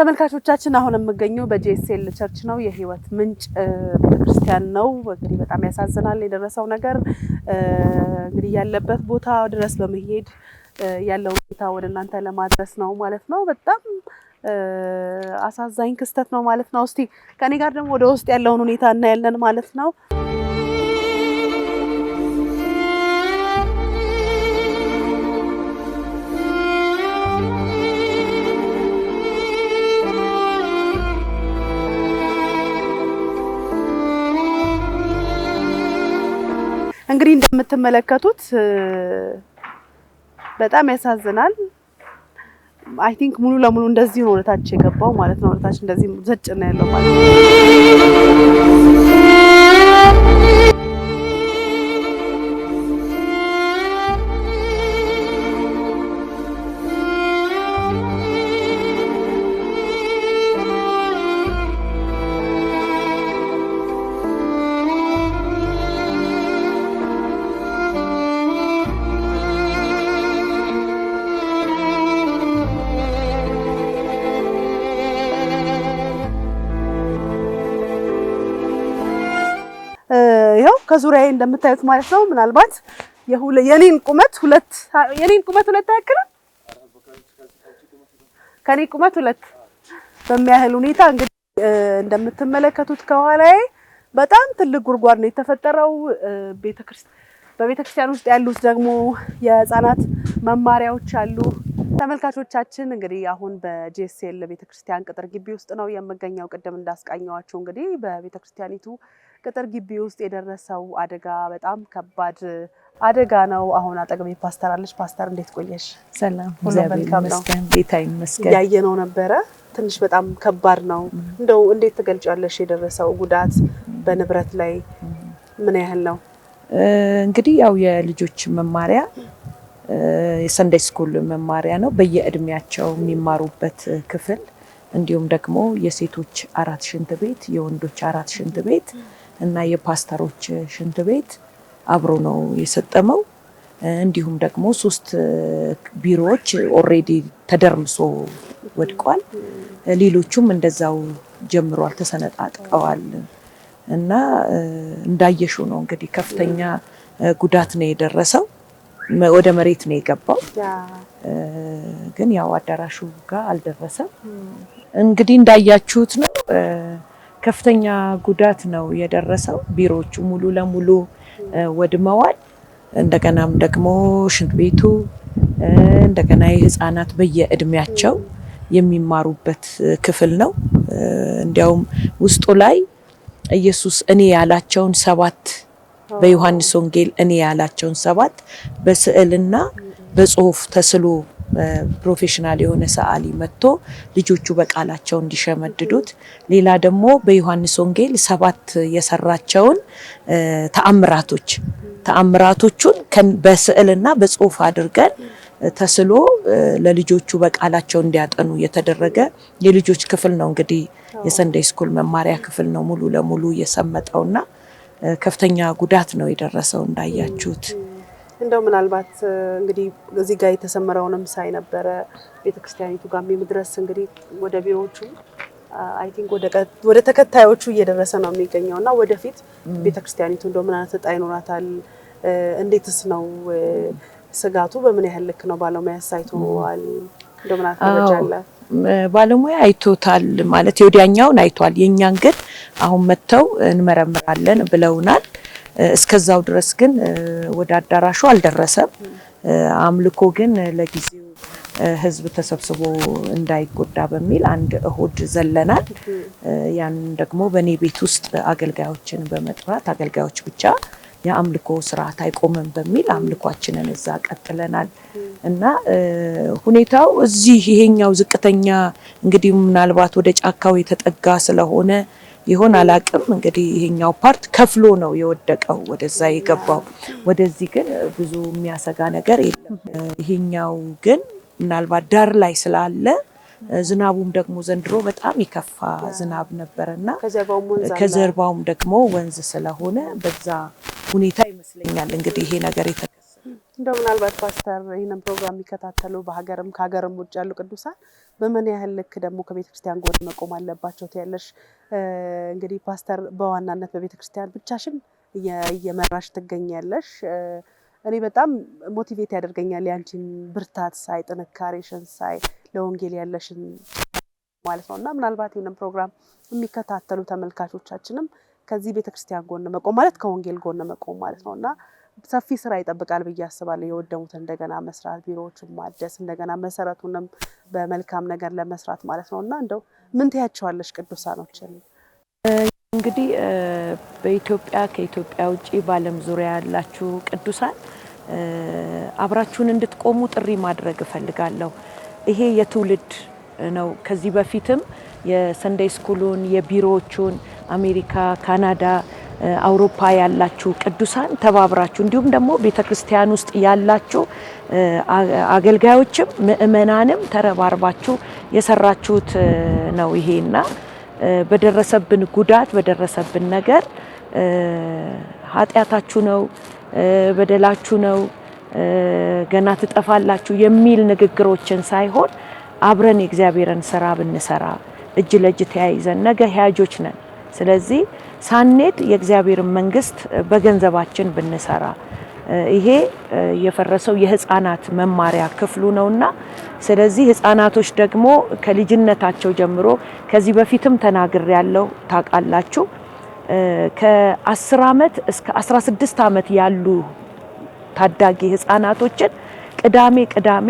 ተመልካቾቻችን አሁን የምገኘው በጄኤስኤል ቸርች ነው። የህይወት ምንጭ ቤተክርስቲያን ነው። እንግዲህ በጣም ያሳዝናል የደረሰው ነገር። እንግዲህ ያለበት ቦታ ድረስ በመሄድ ያለው ሁኔታ ወደ እናንተ ለማድረስ ነው ማለት ነው። በጣም አሳዛኝ ክስተት ነው ማለት ነው። እስቲ ከኔ ጋር ደግሞ ወደ ውስጥ ያለውን ሁኔታ እናያለን ማለት ነው። እንግዲህ እንደምትመለከቱት በጣም ያሳዝናል። አይ ቲንክ ሙሉ ለሙሉ እንደዚህ ነው ወደታች የገባው ማለት ነው። ወደታች እንደዚህ ዘጭ ነው ያለው ማለት ነው። ከዙሪያዬ እንደምታዩት ማለት ነው። ምናልባት የኔን ቁመት ሁለት የኔን ቁመት ሁለት አያክልም ከኔ ቁመት ሁለት በሚያህል ሁኔታ እንግዲህ እንደምትመለከቱት ከኋላዬ በጣም ትልቅ ጉድጓድ ነው የተፈጠረው። በቤተክርስቲያን ውስጥ ያሉት ደግሞ የህፃናት መማሪያዎች አሉ። ተመልካቾቻችን እንግዲህ አሁን በጂኤስኤል ቤተክርስቲያን ቅጥር ግቢ ውስጥ ነው የምገኘው። ቅድም እንዳስቃኘዋቸው እንግዲህ በቤተክርስቲያኒቱ ቅጥር ግቢ ውስጥ የደረሰው አደጋ በጣም ከባድ አደጋ ነው። አሁን አጠገቤ ፓስተር አለች። ፓስተር እንዴት ቆየሽ? ሰላም ጌታ ይመስገን። ያየነው ነበረ ትንሽ በጣም ከባድ ነው። እንደው እንዴት ትገልጫለሽ? የደረሰው ጉዳት በንብረት ላይ ምን ያህል ነው? እንግዲህ ያው የልጆች መማሪያ የሰንደይ ስኩል መማሪያ ነው በየእድሜያቸው የሚማሩበት ክፍል እንዲሁም ደግሞ የሴቶች አራት ሽንት ቤት፣ የወንዶች አራት ሽንት ቤት እና የፓስተሮች ሽንት ቤት አብሮ ነው የሰጠመው። እንዲሁም ደግሞ ሶስት ቢሮዎች ኦልሬዲ ተደርምሶ ወድቋል። ሌሎቹም እንደዛው ጀምሯል፣ ተሰነጣጥቀዋል እና እንዳየሹ ነው እንግዲህ ከፍተኛ ጉዳት ነው የደረሰው። ወደ መሬት ነው የገባው፣ ግን ያው አዳራሹ ጋር አልደረሰም። እንግዲህ እንዳያችሁት ነው። ከፍተኛ ጉዳት ነው የደረሰው። ቢሮዎቹ ሙሉ ለሙሉ ወድመዋል። እንደገናም ደግሞ ሽንት ቤቱ እንደገና የህፃናት በየእድሜያቸው የሚማሩበት ክፍል ነው። እንዲያውም ውስጡ ላይ ኢየሱስ እኔ ያላቸውን ሰባት በዮሐንስ ወንጌል እኔ ያላቸውን ሰባት በስዕልና በጽሁፍ ተስሎ ፕሮፌሽናል የሆነ ሰዓሊ መጥቶ ልጆቹ በቃላቸው እንዲሸመድዱት፣ ሌላ ደግሞ በዮሐንስ ወንጌል ሰባት የሰራቸውን ተአምራቶች ተአምራቶቹን በስዕልና በጽሁፍ አድርገን ተስሎ ለልጆቹ በቃላቸው እንዲያጠኑ የተደረገ የልጆች ክፍል ነው። እንግዲህ የሰንደይ ስኩል መማሪያ ክፍል ነው ሙሉ ለሙሉ የሰመጠውና ከፍተኛ ጉዳት ነው የደረሰው እንዳያችሁት። እንደው ምናልባት እንግዲህ እዚህ ጋር የተሰመረውንም ሳይ ነበረ ቤተክርስቲያኒቱ ጋር የምድረስ እንግዲህ ወደ ቢሮዎቹ አይ ቲንክ ወደ ተከታዮቹ እየደረሰ ነው የሚገኘው እና ወደፊት ቤተክርስቲያኒቱ እንደው ምን አይነት እጣ ይኖራታል? እንዴትስ ነው ስጋቱ? በምን ያህል ልክ ነው? ባለሙያ ሳይቶዋል እንደው ምን አይነት መረጃ አለ? ባለሙያ አይቶታል ማለት የወዲያኛውን አይቷል። የእኛን ግን አሁን መጥተው እንመረምራለን ብለውናል። እስከዛው ድረስ ግን ወደ አዳራሹ አልደረሰም። አምልኮ ግን ለጊዜው ህዝብ ተሰብስቦ እንዳይጎዳ በሚል አንድ እሁድ ዘለናል። ያን ደግሞ በእኔ ቤት ውስጥ አገልጋዮችን በመጥራት አገልጋዮች ብቻ የአምልኮ ስርዓት አይቆምም በሚል አምልኳችንን እዛ ቀጥለናል እና ሁኔታው እዚህ ይሄኛው ዝቅተኛ እንግዲህ ምናልባት ወደ ጫካው የተጠጋ ስለሆነ ይሆን አላቅም። እንግዲህ ይሄኛው ፓርት ከፍሎ ነው የወደቀው ወደዛ የገባው። ወደዚህ ግን ብዙ የሚያሰጋ ነገር የለም። ይሄኛው ግን ምናልባት ዳር ላይ ስላለ ዝናቡም ደግሞ ዘንድሮ በጣም የከፋ ዝናብ ነበረና ከጀርባውም ደግሞ ወንዝ ስለሆነ በዛ ሁኔታ ይመስለኛል እንግዲህ ይሄ ነገር የተከሰተው። እንደው ምናልባት ፓስተር ይህንን ፕሮግራም የሚከታተሉ በሀገርም ከሀገርም ውጭ ያሉ ቅዱሳን በምን ያህል ልክ ደግሞ ከቤተ ክርስቲያን ጎን መቆም አለባቸው ትያለሽ? እንግዲህ ፓስተር በዋናነት በቤተ ክርስቲያን ብቻሽን እየመራሽ ትገኛለሽ። እኔ በጣም ሞቲቬት ያደርገኛል ያንቺን ብርታት ሳይ፣ ጥንካሬሽን ሳይ፣ ለወንጌል ያለሽን ማለት ነው እና ምናልባት ይህንን ፕሮግራም የሚከታተሉ ተመልካቾቻችንም ከዚህ ቤተክርስቲያን ጎን መቆም ማለት ከወንጌል ጎን መቆም ማለት ነው እና ሰፊ ስራ ይጠብቃል ብዬ አስባለሁ። የወደሙትን እንደገና መስራት፣ ቢሮዎችን ማደስ፣ እንደገና መሰረቱንም በመልካም ነገር ለመስራት ማለት ነው እና እንደው ምን ትያቸዋለሽ ቅዱሳኖችን? እንግዲህ በኢትዮጵያ ከኢትዮጵያ ውጭ በዓለም ዙሪያ ያላችሁ ቅዱሳን አብራችሁን እንድትቆሙ ጥሪ ማድረግ እፈልጋለሁ። ይሄ የትውልድ ነው። ከዚህ በፊትም የሰንደይ ስኩሉን የቢሮዎቹን አሜሪካ፣ ካናዳ አውሮፓ ያላችሁ ቅዱሳን ተባብራችሁ እንዲሁም ደግሞ ቤተ ክርስቲያን ውስጥ ያላችሁ አገልጋዮችም ምእመናንም ተረባርባችሁ የሰራችሁት ነው ይሄና በደረሰብን ጉዳት በደረሰብን ነገር ኃጢአታችሁ ነው በደላችሁ ነው ገና ትጠፋላችሁ የሚል ንግግሮችን ሳይሆን አብረን የእግዚአብሔርን ስራ ብንሰራ እጅ ለእጅ ተያይዘን ነገ ሂያጆች ነን። ስለዚህ ሳንሄድ የእግዚአብሔርን መንግስት በገንዘባችን ብንሰራ ይሄ የፈረሰው የህፃናት መማሪያ ክፍሉ ነውና ስለዚህ ህፃናቶች ደግሞ ከልጅነታቸው ጀምሮ ከዚህ በፊትም ተናግር ያለው ታውቃላችሁ ከ10 ዓመት እስከ 16 ዓመት ያሉ ታዳጊ ህፃናቶችን ቅዳሜ ቅዳሜ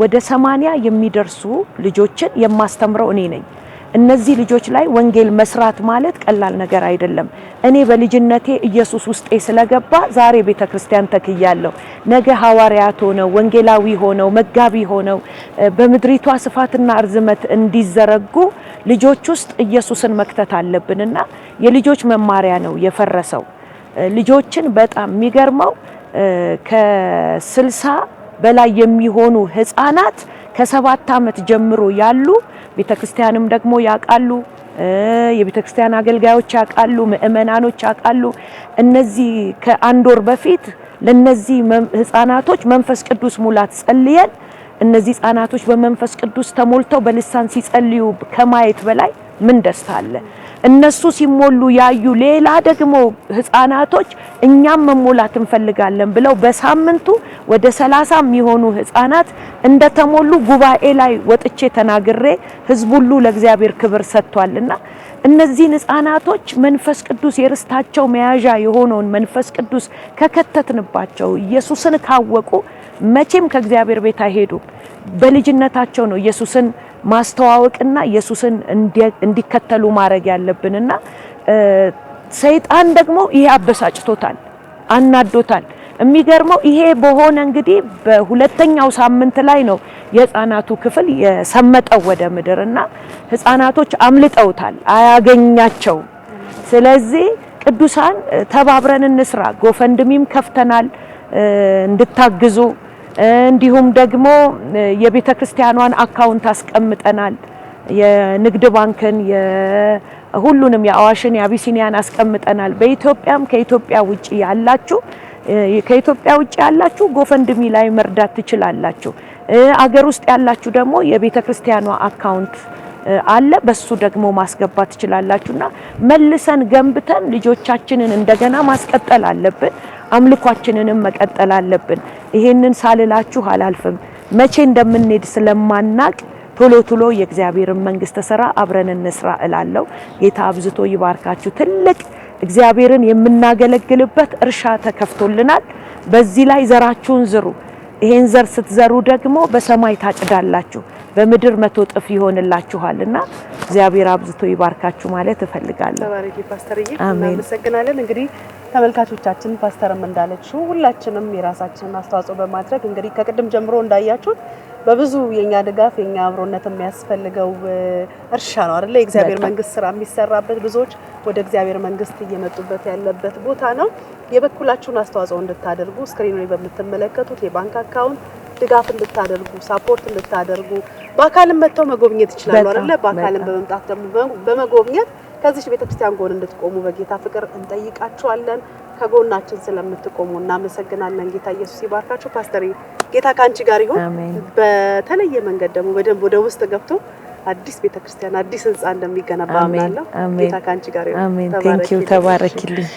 ወደ ሰማንያ የሚደርሱ ልጆችን የማስተምረው እኔ ነኝ። እነዚህ ልጆች ላይ ወንጌል መስራት ማለት ቀላል ነገር አይደለም። እኔ በልጅነቴ ኢየሱስ ውስጤ ስለገባ ዛሬ ቤተ ክርስቲያን ተክያለሁ። ነገ ሐዋርያት ሆነው ወንጌላዊ ሆነው መጋቢ ሆነው በምድሪቷ ስፋትና እርዝመት እንዲዘረጉ ልጆች ውስጥ ኢየሱስን መክተት አለብንና የልጆች መማሪያ ነው የፈረሰው። ልጆችን በጣም የሚገርመው ከስልሳ በላይ የሚሆኑ ህፃናት ከሰባት ዓመት ጀምሮ ያሉ ቤተክርስቲያንም ደግሞ ያውቃሉ፣ የቤተክርስቲያን አገልጋዮች ያውቃሉ፣ ምእመናኖች ያውቃሉ። እነዚህ ከአንድ ወር በፊት ለነዚህ ህፃናቶች መንፈስ ቅዱስ ሙላት ጸልየን እነዚህ ህፃናቶች በመንፈስ ቅዱስ ተሞልተው በልሳን ሲጸልዩ ከማየት በላይ ምን ደስታ አለ? እነሱ ሲሞሉ ያዩ ሌላ ደግሞ ህፃናቶች እኛም መሞላት እንፈልጋለን ብለው በሳምንቱ ወደ ሰላሳ የሚሆኑ ህፃናት እንደተሞሉ ጉባኤ ላይ ወጥቼ ተናግሬ ህዝብ ሁሉ ለእግዚአብሔር ክብር ሰጥቷልና እነዚህን ህፃናቶች መንፈስ ቅዱስ የርስታቸው መያዣ የሆነውን መንፈስ ቅዱስ ከከተትንባቸው ኢየሱስን ካወቁ መቼም ከእግዚአብሔር ቤት አይሄዱም። በልጅነታቸው ነው ኢየሱስን ማስተዋወቅና ኢየሱስን እንዲከተሉ ማድረግ ያለብንና ሰይጣን ደግሞ ይሄ አበሳጭቶታል፣ አናዶታል። የሚገርመው ይሄ በሆነ እንግዲህ በሁለተኛው ሳምንት ላይ ነው የህፃናቱ ክፍል የሰመጠው ወደ ምድር እና ህፃናቶች አምልጠውታል፣ አያገኛቸውም። ስለዚህ ቅዱሳን ተባብረን እንስራ። ጎፈንድሚም ከፍተናል እንድታግዙ እንዲሁም ደግሞ የቤተ ክርስቲያኗን አካውንት አስቀምጠናል። የንግድ ባንክን፣ ሁሉንም የአዋሽን፣ የአቢሲኒያን አስቀምጠናል። በኢትዮጵያም ከኢትዮጵያ ውጭ ያላችሁ ከኢትዮጵያ ውጭ ያላችሁ ጎፈንድሚ ላይ መርዳት ትችላላችሁ። አገር ውስጥ ያላችሁ ደግሞ የቤተ ክርስቲያኗ አካውንት አለ። በሱ ደግሞ ማስገባት ትችላላችሁና መልሰን ገንብተን ልጆቻችንን እንደገና ማስቀጠል አለብን። አምልኳችንንም መቀጠል አለብን። ይሄንን ሳልላችሁ አላልፍም። መቼ እንደምንሄድ ስለማናቅ ቶሎ ቶሎ የእግዚአብሔርን መንግስት ስራ አብረን እንስራ እላለሁ። ጌታ አብዝቶ ይባርካችሁ። ትልቅ እግዚአብሔርን የምናገለግልበት እርሻ ተከፍቶልናል። በዚህ ላይ ዘራችሁን ዝሩ። ይሄን ዘር ስትዘሩ ደግሞ በሰማይ ታጭዳላችሁ። በምድር መቶ ጥፍ ይሆንላችኋል እና እግዚአብሔር አብዝቶ ይባርካችሁ ማለት እፈልጋለሁ። ፓስተርዬ እናመሰግናለን። እንግዲህ ተመልካቾቻችን ፓስተርም እንዳለችው ሁላችንም የራሳችንን አስተዋጽኦ በማድረግ እንግዲህ ከቅድም ጀምሮ እንዳያችሁት በብዙ የኛ ድጋፍ የኛ አብሮነት የሚያስፈልገው እርሻ ነው አይደለ? የእግዚአብሔር መንግስት ስራ የሚሰራበት ብዙዎች ወደ እግዚአብሔር መንግስት እየመጡበት ያለበት ቦታ ነው። የበኩላችሁን አስተዋጽኦ እንድታደርጉ ስክሪኑ ላይ በምትመለከቱት የባንክ አካውንት ድጋፍ እንድታደርጉ፣ ሳፖርት እንድታደርጉ በአካልም መጥተው መጎብኘት ይችላሉ አይደለ? በአካልም በመምጣት ደግሞ በመጎብኘት ከዚች ቤተክርስቲያን ጎን እንድትቆሙ በጌታ ፍቅር እንጠይቃችኋለን። ከጎናችን ስለምትቆሙ እናመሰግናለን። ጌታ ኢየሱስ ይባርካችሁ። ፓስተር ጌታ ከአንቺ ጋር ይሁን። በተለየ መንገድ ደግሞ በደንብ ወደ ውስጥ ገብቶ አዲስ ቤተክርስቲያን አዲስ ህንፃ እንደሚገነባ አምናለሁ። ጌታ ከአንቺ ጋር ይሁን። ተባረኪልኝ።